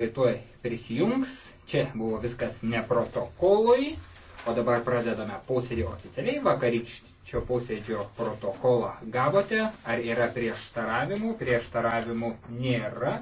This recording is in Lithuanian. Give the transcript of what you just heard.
Tai tuoj prisijungs. Čia buvo viskas ne protokolui, o dabar pradedame posėdį oficialiai. Vakarykščio posėdžio protokolą gavote. Ar yra prieštaravimų? Prieštaravimų nėra.